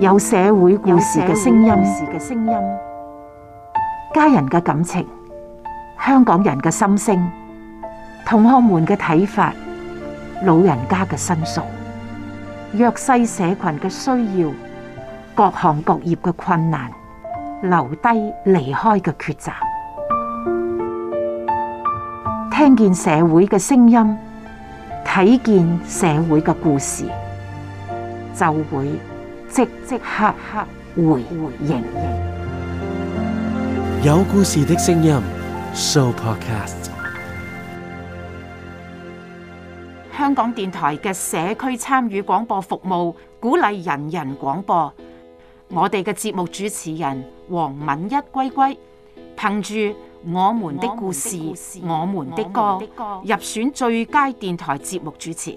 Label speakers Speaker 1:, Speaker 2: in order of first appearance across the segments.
Speaker 1: 有社會故事嘅聲音，家人嘅感情，香港人嘅心聲，同學們嘅睇法，老人家嘅申訴，弱勢社群嘅需要，各行各業嘅困難，留低離開嘅抉擇，聽見社會嘅聲音，睇見社會嘅故事，就會。即即刻刻回回應應，
Speaker 2: 有故事的聲音，So Podcast，
Speaker 1: 香港電台嘅社區參與廣播服務，鼓勵人人廣播。我哋嘅節目主持人黃敏一歸歸，憑住。我們，的故事，我們的故事，我們的歌，們的歌入選最佳電台節目主持。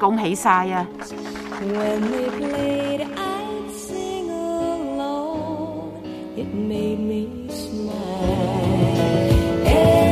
Speaker 1: 恭喜晒
Speaker 3: 啊。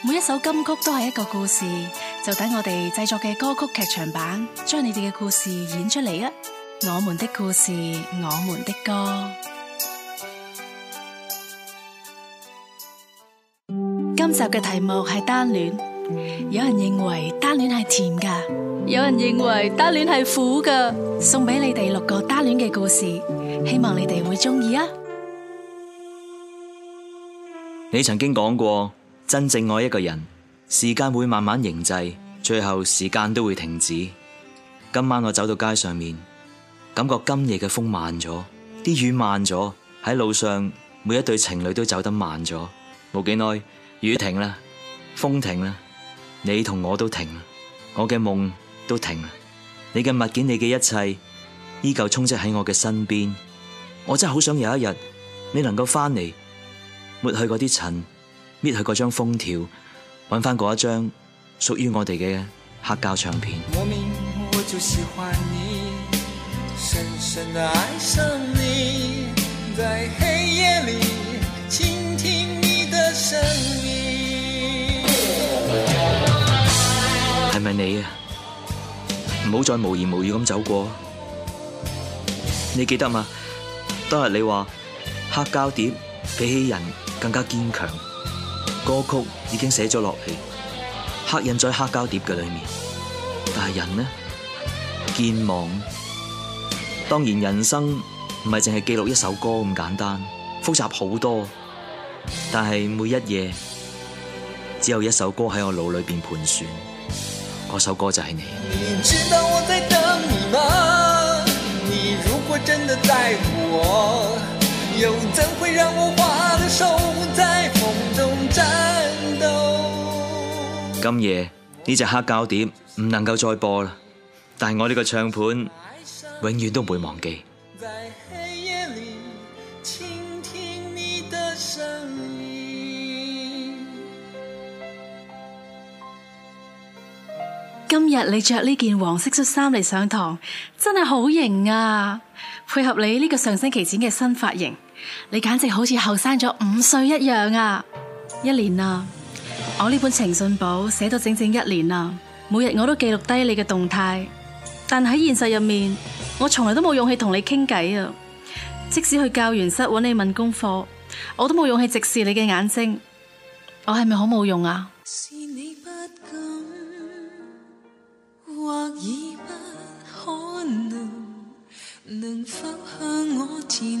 Speaker 4: 每一首金曲都係一個故事，就等我哋製作嘅歌曲劇場版將你哋嘅故事演出嚟啊！我們的故事，我們的歌。今集嘅題目係單戀。有人認為單戀係甜噶，有人認為單戀係苦噶。送俾你哋六個單戀嘅故事，希望你哋會中意啊！
Speaker 5: 你曾經講過。真正愛一個人，時間會慢慢凝滯，最後時間都會停止。今晚我走到街上面，感覺今夜嘅風慢咗，啲雨慢咗，喺路上每一對情侶都走得慢咗。冇幾耐，雨停啦，風停啦，你同我都停啦，我嘅夢都停啦。你嘅物件，你嘅一切，依舊充斥喺我嘅身邊。我真係好想有一日，你能夠返嚟，抹去嗰啲塵。搣去嗰張封條，揾翻嗰一張屬於我哋嘅黑膠唱片。
Speaker 6: 莫名我就喜歡你，
Speaker 2: 深深的
Speaker 7: 愛上你，在黑夜裏傾聽你的聲音，
Speaker 5: 係咪你啊？唔好再無言無語咁走過。你記得嘛？當日你話黑膠碟比起人更加堅強。歌曲已經寫咗落嚟，刻印在黑膠碟嘅裏面。但係人呢？健忘。當然，人生唔係淨係記錄一首歌咁簡單，複雜好多。但係每一夜，只有一首歌喺我腦裏邊盤旋。嗰首歌
Speaker 7: 就係你。
Speaker 5: 今夜呢隻黑膠碟唔能夠再播啦，但係我呢個唱盤永遠都唔會忘記。
Speaker 7: 黑夜裏聽你的。
Speaker 4: 今日你着呢件黃色恤衫嚟上堂，真係好型啊！配合你呢個上星期剪嘅新髮型，你簡直好似後生咗五歲一樣啊！一年啦，我呢本情信簿寫咗整整一年啦，每日我都記錄低你嘅動態，但喺現實入面，我從來都冇勇氣同你傾偈啊！即使去教員室搵你問功課，我都冇勇氣直視你嘅眼睛，我係咪好冇用啊？是你不敢，
Speaker 7: 或已不可能。能否向我前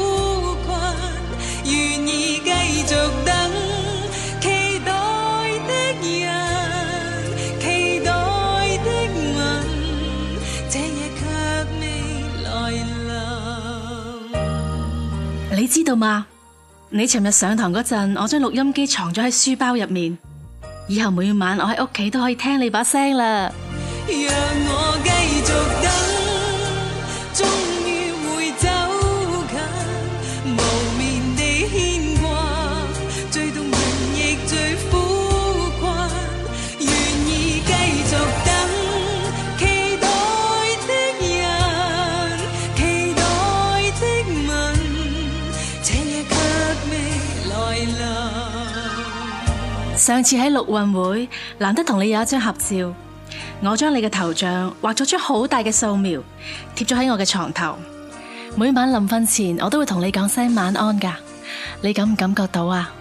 Speaker 4: 你知道嗎？你尋日上堂陣，我將錄音機藏咗喺書包入面。以後每晚我喺屋企都可以聽你把聲啦。
Speaker 7: Yeah.
Speaker 4: 上次喺陸運會，難得同你有一張合照，我將你嘅頭像畫咗張好大嘅素描，貼咗喺我嘅床頭，每晚臨瞓前我都會同你講聲晚安㗎，你感唔感覺到啊？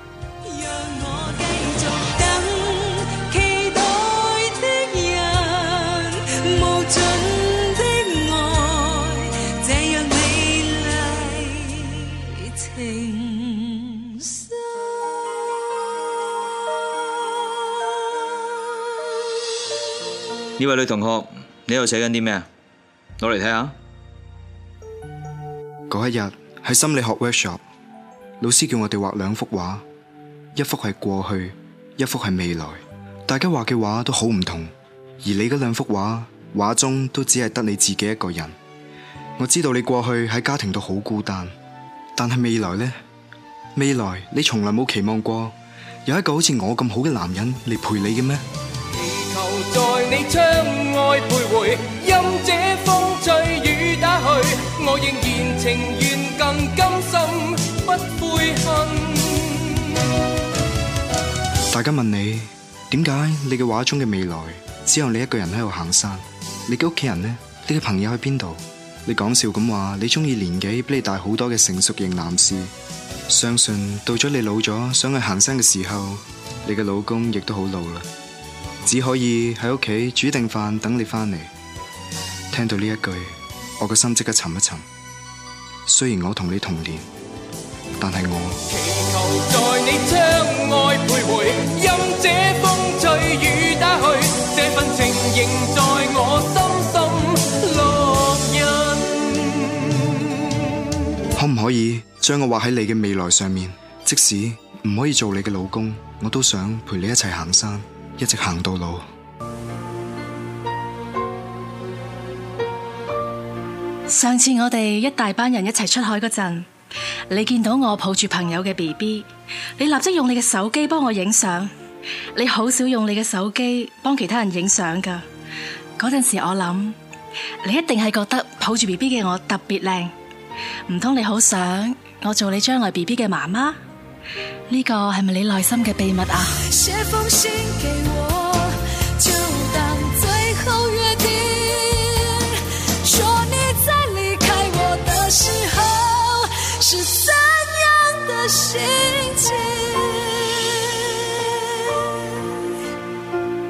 Speaker 5: 呢位女同學，你喺度寫緊啲咩啊？攞嚟睇下。
Speaker 6: 嗰一日喺心理學 workshop，老師叫我哋畫兩幅畫，一幅係過去，一幅係未來。大家畫嘅畫都好唔同，而你嗰兩幅畫，畫中都只係得你自己一個人。我知道你過去喺家庭度好孤單，但係未來呢？未來你從來冇期望過有一個我麼好似我咁好嘅男人嚟陪你嘅咩？
Speaker 2: 在你窗外徘徊，任這風吹雨打去。我仍然情願更甘心不悔恨。
Speaker 6: 大家問你，點解你嘅畫中嘅未來只有你一個人喺度行山？你嘅屋企人呢？你嘅朋友喺邊度？你講笑咁話，你中意年紀比你大好多嘅成熟型男士。相信到咗你老咗想去行山嘅時候，你嘅老公亦都好老啦。只可以喺屋企煮定飯等你翻嚟。聽到呢一句，我個心即刻沉一沉。雖然我同你同年，但係我祈
Speaker 2: 求，在你窗外徘徊，任這風吹雨打去，這份情仍在我心心烙
Speaker 8: 印。
Speaker 6: 可唔可以將我畫喺你嘅未來上面？即使唔可以做你嘅老公，我都想陪你一齊行山一直行到老。
Speaker 4: 上次我哋一大班人一齊出海嗰陣，你見到我抱住朋友嘅 BB，你立即用你嘅手機幫我影相。你好少用你嘅手機幫其他人影相噶。嗰陣時我諗，你一定係覺得抱住 BB 嘅我特別靚，唔通你好想我做你將來 BB 嘅媽媽？呢個係咪你內心嘅秘密啊？
Speaker 3: 寫封信給我就當最後約定，說你在離開我嘅時候是怎樣嘅心情。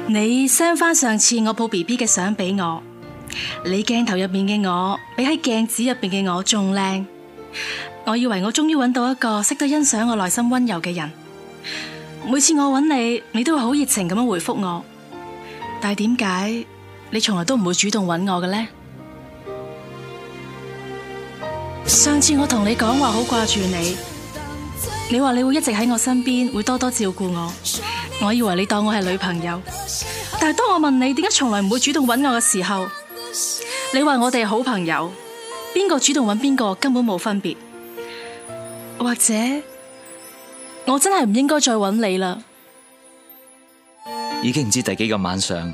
Speaker 4: 你 send 返上次我抱 bb 嘅相俾我，你鏡頭入面嘅我比喺鏡子入邊嘅我仲靚。我以為我終於揾到一個識得欣賞我內心溫柔嘅人，每次我揾你，你都會好熱情咁樣回覆我，但係點解你從來都唔會主動揾我嘅呢？上次我同你講話好掛住你，你話你會一直喺我身邊，會多多照顧我，我以為你當我係女朋友，但係當我問你點解從來唔會主動揾我嘅時候，你話我哋係好朋友。邊個主動揾邊個根本冇分別，或者我真係唔應該再揾你啦。
Speaker 3: 已
Speaker 5: 經唔知第幾個晚上，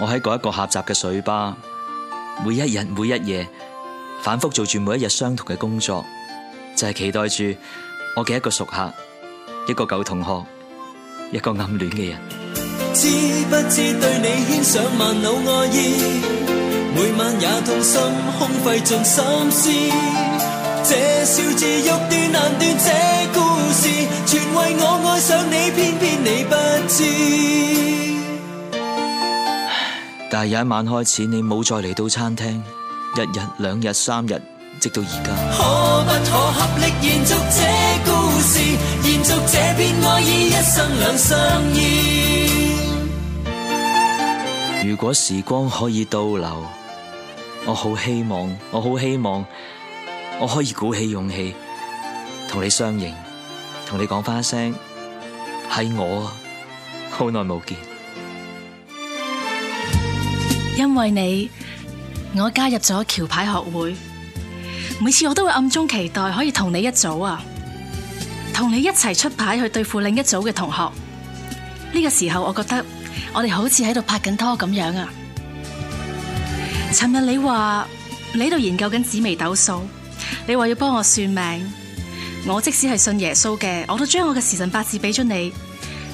Speaker 5: 我喺嗰一個狹窄嘅水吧，每一日每一夜反覆做住每一日相同嘅工作，就係、是、期待住我嘅一個熟客，一個舊同學，一個暗戀嘅人。
Speaker 7: 知不知對你牽上萬縷愛意？每晚也痛心
Speaker 2: 空費盡心思，這小子欲斷難斷，這故事全為我愛上你，偏偏你不知。
Speaker 5: 但有一晚開始你冇再嚟到餐廳，一日兩日三日，直到而家，
Speaker 2: 可不可合力延續這故
Speaker 3: 事，延續這片愛意，一生兩相依。
Speaker 5: 如果時光可以倒流我好希望，我好希望，我可以鼓起勇氣同你相認，同你講翻一聲係我啊！好耐冇見，
Speaker 4: 因為你我加入咗橋牌學會，每次我都會暗中期待可以同你一組啊，同你一齊出牌去對付另一組嘅同學。呢個時候我覺得我哋好似喺度拍緊拖咁樣啊！尋日你話你喺度研究緊紫微斗數，你話要幫我算命。我即使係信耶穌嘅，我都將我嘅時辰八字俾咗你。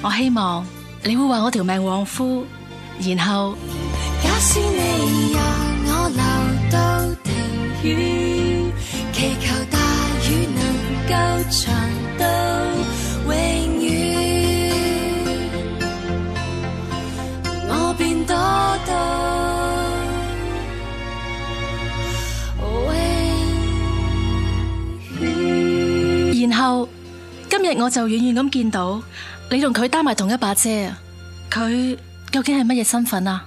Speaker 4: 我希望你會話我條命旺夫，然後假使你讓我留到停雨，祈求大雨能夠長我就遠遠咁見到你同佢擔埋同一把遮啊！佢究竟係乜嘢身份啊？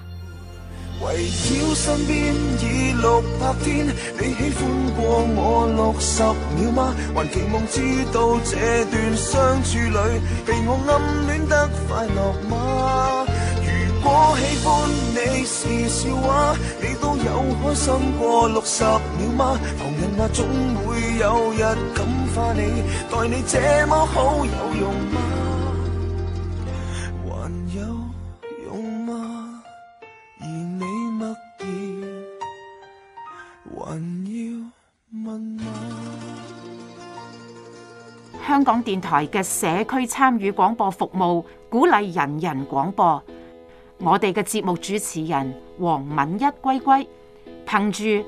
Speaker 2: 圍繞身邊已六百天，你喜歡過我六十秒嗎？還期望知道這段相處裏被我暗戀得快樂嗎？如果喜歡你是笑話，你都有開心過六十秒嗎？旁人呀，總會有日還要問嗎？
Speaker 1: 香港電台嘅社區參與廣播服務，鼓勵人人廣播。我哋嘅節目主持人黃敏一歸歸，憑住。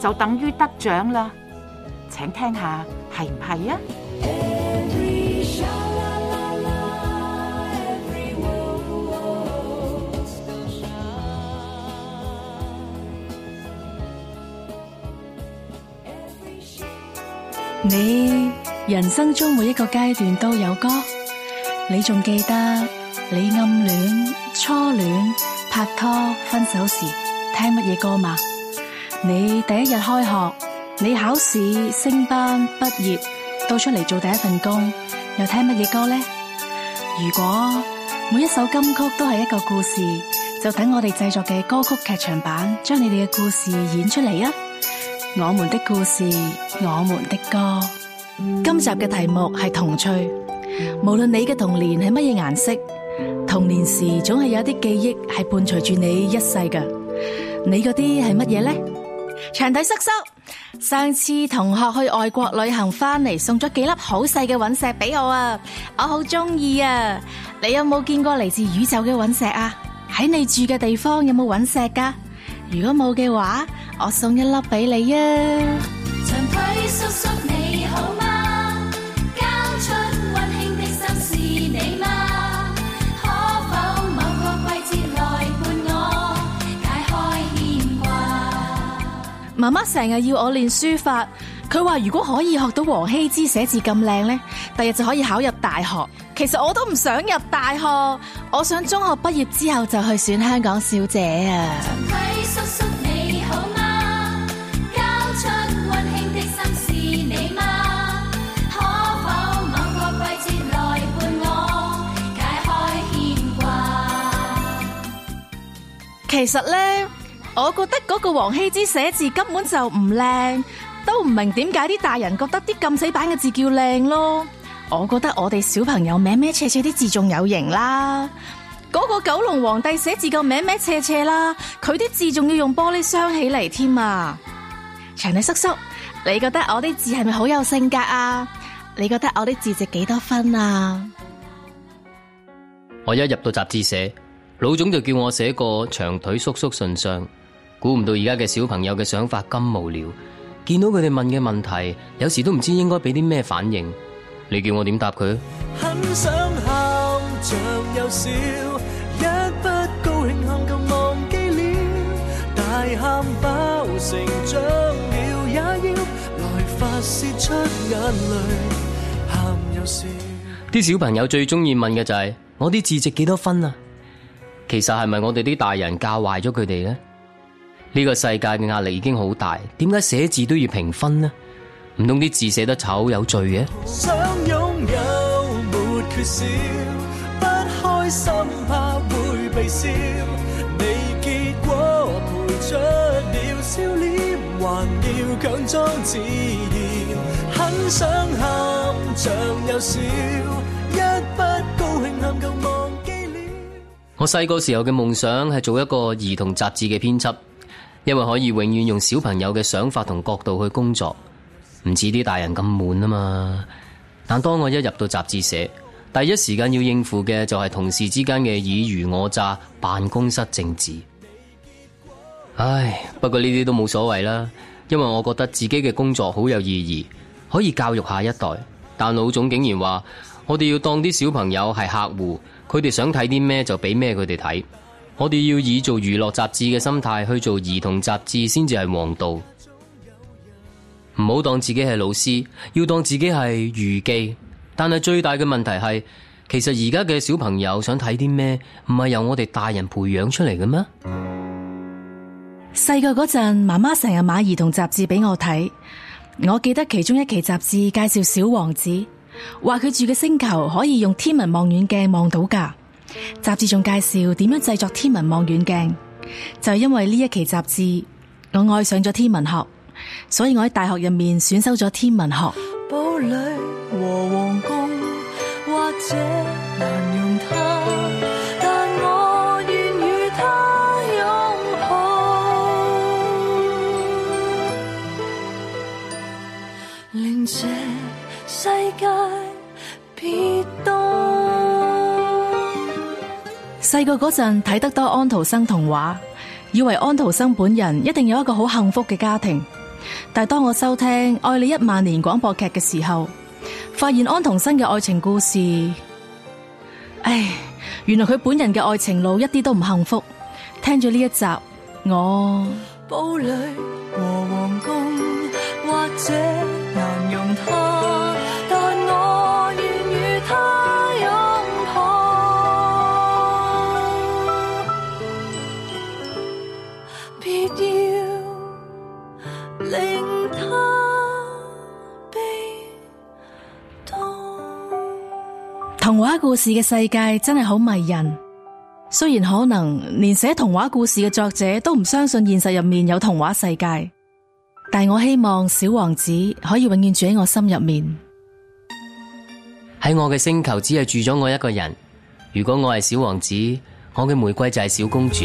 Speaker 1: 就等於得獎啦，請聽下係唔係
Speaker 3: 啊？
Speaker 4: 你人生中每一個階段都有歌，你仲記得你暗戀、初戀、拍拖、分手時聽乜嘢歌嗎？你第一日開學，你考試，升班畢業，到出嚟做第一份工，又聽乜嘢歌呢？如果每一首金曲都係一個故事，就等我哋製作嘅歌曲劇場版，將你哋嘅故事演出嚟啊！我們的故事，我們的歌。今集嘅題目係童趣。無論你嘅童年係乜嘢顏色，童年時總係有一啲記憶係伴隨住你一世㗎。你嗰啲係乜嘢呢？長腿叔叔，上次同學去外國旅行翻嚟，送咗幾粒好細嘅隕石俾我啊，我好中意啊！你有冇見過嚟自宇宙嘅隕石啊？喺你住嘅地方有冇隕石噶？如果冇嘅話，我送一粒俾你啊！長腿叔叔。媽媽成日要我練書法，佢話如果可以學到王羲之寫字咁靚呢，第日就可以考入大學。其實我都唔想入大學，我想中學畢業之後就去選香港小姐
Speaker 3: 啊！長腿叔叔，你好嗎？交出溫馨的心是你嗎？可否某個季節來伴我解開牽掛？
Speaker 4: 其實呢我覺得嗰個王羲之寫字根本就唔靚，都唔明點解啲大人覺得啲咁死板嘅字叫靚咯。我覺得我哋小朋友歪歪斜斜啲字仲有型啦。嗰個九龍皇帝寫字就歪歪斜斜啦，佢啲字仲要用玻璃鑲起嚟添啊。長腿叔叔，你覺得我啲字係咪好有性格啊？你覺得我啲字值幾多分啊？
Speaker 8: 我一入到雜誌社，老總就叫我寫個長腿叔叔信箱。估唔到而家嘅小朋友嘅想法咁無聊，見到佢哋問嘅問題，有時都唔知應該俾啲咩反應。你叫我點答佢？
Speaker 2: 很想喊，像又笑，一不高興喊就忘記了，大喊包成長了，也要來發泄出眼淚，喊又笑。
Speaker 8: 啲小朋友最中意問嘅就係：「我啲字值幾多分啊？其實係咪我哋啲大人教壞咗佢哋呢？」呢個世界嘅壓力已經好大，點解寫字都要評分呢？唔通啲字寫得醜有罪
Speaker 2: 嘅？
Speaker 8: 我細個時候嘅夢想係做一個兒童雜誌嘅編輯。因為可以永遠用小朋友嘅想法同角度去工作，唔似啲大人咁悶啊嘛。但當我一入到雜誌社，第一時間要應付嘅就係同事之間嘅爾虞我詐、辦公室政治。唉，不過呢啲都冇所謂啦，因為我覺得自己嘅工作好有意義，可以教育下一代。但老總竟然話我哋要當啲小朋友係客戶，佢哋想睇啲咩就俾咩佢哋睇。我哋要以做娛樂雜誌嘅心態去做兒童雜誌先至係王道，唔好當自己係老師，要當自己係娛記。但係最大嘅問題係，其實而家嘅小朋友想睇啲咩，唔係由我哋大人培養出嚟嘅咩？
Speaker 4: 細個嗰陣，媽媽成日買兒童雜誌俾我睇，我記得其中一期雜誌介紹小王子，話佢住嘅星球可以用天文望遠鏡望到㗎。雜誌仲介紹點樣製作天文望遠鏡，就係因為呢一期雜誌，我愛上咗天文學，所以我喺大學入面選修咗天文
Speaker 7: 學。
Speaker 4: 細個嗰陣睇得多安徒生童話，以為安徒生本人一定有一個好幸福嘅家庭。但當我收聽《愛你一萬年》廣播劇嘅時候，發現安徒生嘅愛情故事，唉，原來佢本人嘅愛情路一啲都唔幸福。聽咗呢一集，我。暴女和皇童話故事嘅世界真係好迷人，雖然可能連寫童話故事嘅作者都唔相信現實入面有童話世界，但我希望小王子可以永遠住喺我心入面。
Speaker 8: 喺我嘅星球，只係住咗我一個人，如果我係小王子，我嘅玫瑰就係小公主。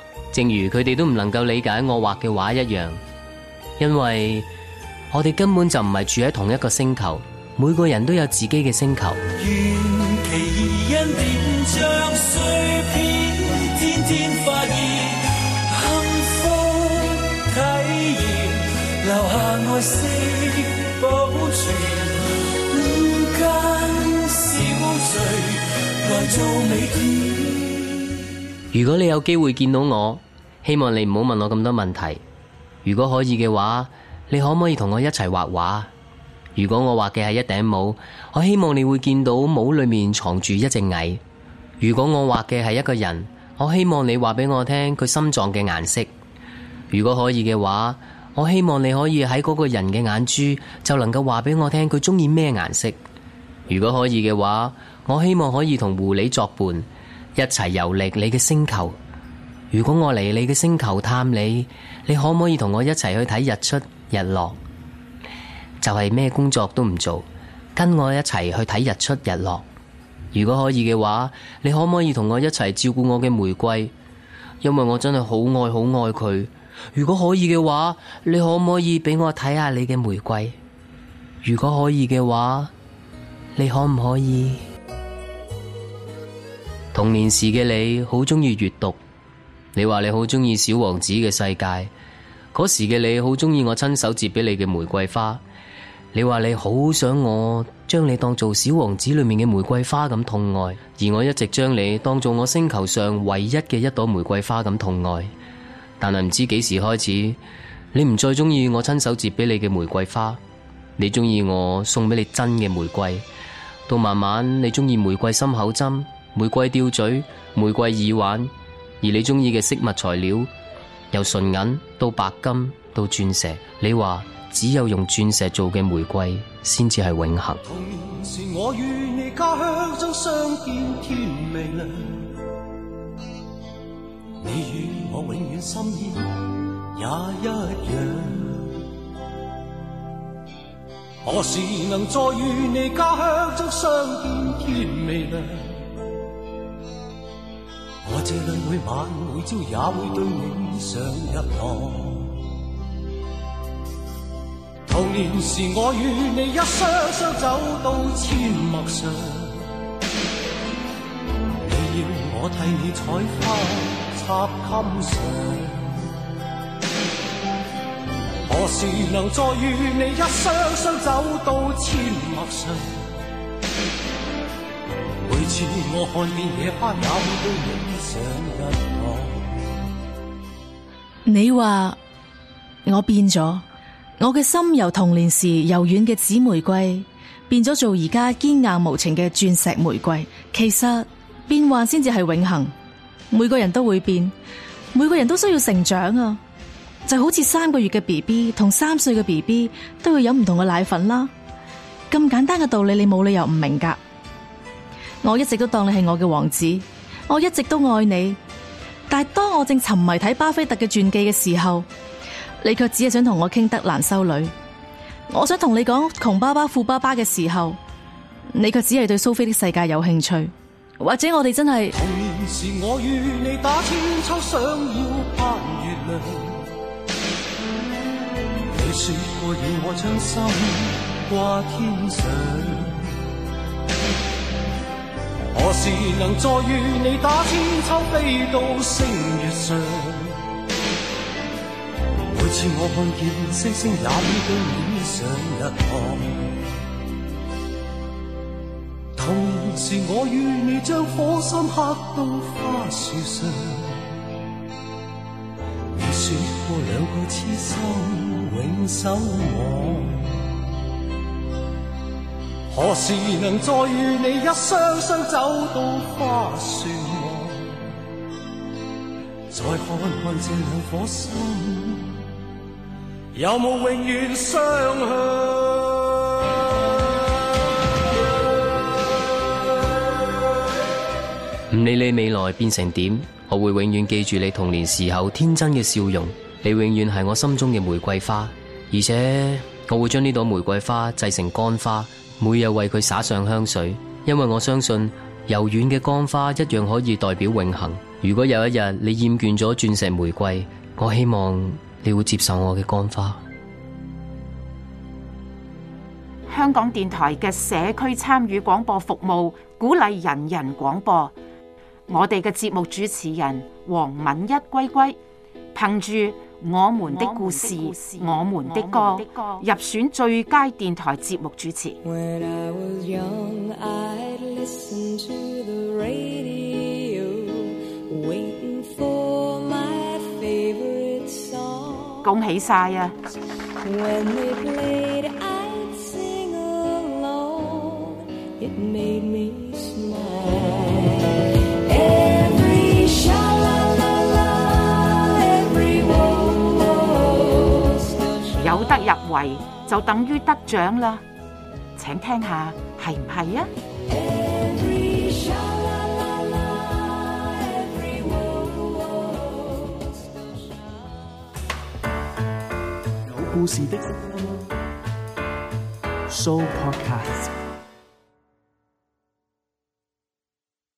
Speaker 8: 正如佢哋都唔能夠理解我畫嘅畫一樣，因為我哋根本就唔係住喺同一個星球，每個人都有自己嘅星球。如果你有機會見到我，希望你唔好問我咁多問題。如果可以嘅話，你可唔可以同我一齊畫畫？如果我畫嘅係一頂帽，我希望你會見到帽裏面藏住一隻蟻。如果我畫嘅係一個人，我希望你話俾我聽佢心臟嘅顏色。如果可以嘅話，我希望你可以喺嗰個人嘅眼珠就能夠話俾我聽佢中意咩顏色。如果可以嘅話，我希望可以同狐狸作伴。一齊遊歷你嘅星球。如果我嚟你嘅星球探你，你可唔可以同我一齊去睇日出日落？就係咩工作都唔做，跟我一齊去睇日出日落。如果可以嘅話，你可唔可以同我一齊照顧我嘅玫瑰？因為我真係好愛好愛佢。如果可以嘅話，你可唔可以俾我睇下你嘅玫瑰？如果可以嘅話，你可唔可以？童年時嘅你好中意閱讀，你話你好中意小王子嘅世界。嗰時嘅你好中意我親手折俾你嘅玫瑰花，你話你好想我將你當做小王子裏面嘅玫瑰花咁痛愛，而我一直將你當做我星球上唯一嘅一朵玫瑰花咁痛愛。但係唔知幾時開始，你唔再中意我親手折俾你嘅玫瑰花，你中意我送俾你真嘅玫瑰，到慢慢你中意玫瑰心口針。玫瑰吊墜、玫瑰耳環，而你鍾意嘅飾物材料，由純銀到白金到鑽石，你話只有用鑽石做嘅玫瑰先至係永恆。童
Speaker 2: 年時我與你家鄉中相見天微亮，你與我永遠心意也一樣，何時能再與你家鄉中相見天微亮？這裏每晚每朝也會對你上一趟。童年時我與你一雙雙走到阡陌上，你要我替你採花插襟上。何時能再與你一雙雙走到阡陌上？我
Speaker 4: 你話我變咗，我嘅心由童年時柔軟嘅紫玫瑰變咗做而家堅硬無情嘅鑽石玫瑰。其實變幻先至係永恒，每個人都會變，每個人都需要成長啊！就好似三個月嘅 B B 同三歲嘅 B B 都要飲唔同嘅奶粉啦。咁簡單嘅道理，你冇理由唔明㗎。我一直都當你係我嘅王子，我一直都愛你，但係當我正沉迷睇巴菲特嘅傳記嘅時候，你卻只係想同我傾德蘭修女。我想同你講窮爸爸富爸爸嘅時候，你卻只係對蘇菲的世界有興趣，或者我哋真係。
Speaker 2: 何時能再與你打鞦韆，飛到星月上？每次我看見星星，也已對你上一趟。同時我與你將火心刻到花樹上。你說過兩個痴心永守我。何時能再與你一雙雙走到花船，再看看這兩顆心有冇永遠相向？
Speaker 8: 唔理你未來變成點，我會永遠記住你童年時候天真嘅笑容。你永遠係我心中嘅玫瑰花。而且我會將呢朵玫瑰花製成乾花，每日為佢灑上香水，因為我相信柔軟嘅乾花一樣可以代表永恒。如果有一日你厭倦咗鑽石玫瑰，我希望你會接受我嘅乾花。
Speaker 1: 香港電台嘅社區參與廣播服務，鼓勵人人廣播。我哋嘅節目主持人黃敏一歸歸，憑住。我們，我們的故事，我們的歌，我們的歌入選最佳電台節目主持。恭喜晒啊！入圍就等於得獎啦，請聽下係唔
Speaker 3: 係啊？
Speaker 6: 有故事的。